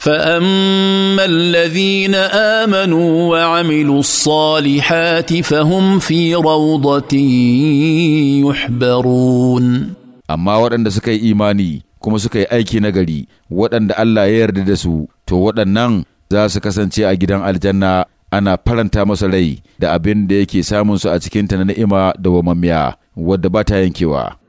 فاما الذين امنوا وعملوا الصالحات فهم في روضه يحبرون amma waɗanda suka yi imani kuma suka yi aiki na gari, waɗanda Allah ya yarda da su to waɗannan za su kasance a gidan aljanna ana faranta masa rai da abinda yake samun su a cikinta na ni'ima da wamammiya wadda ba ta yankewa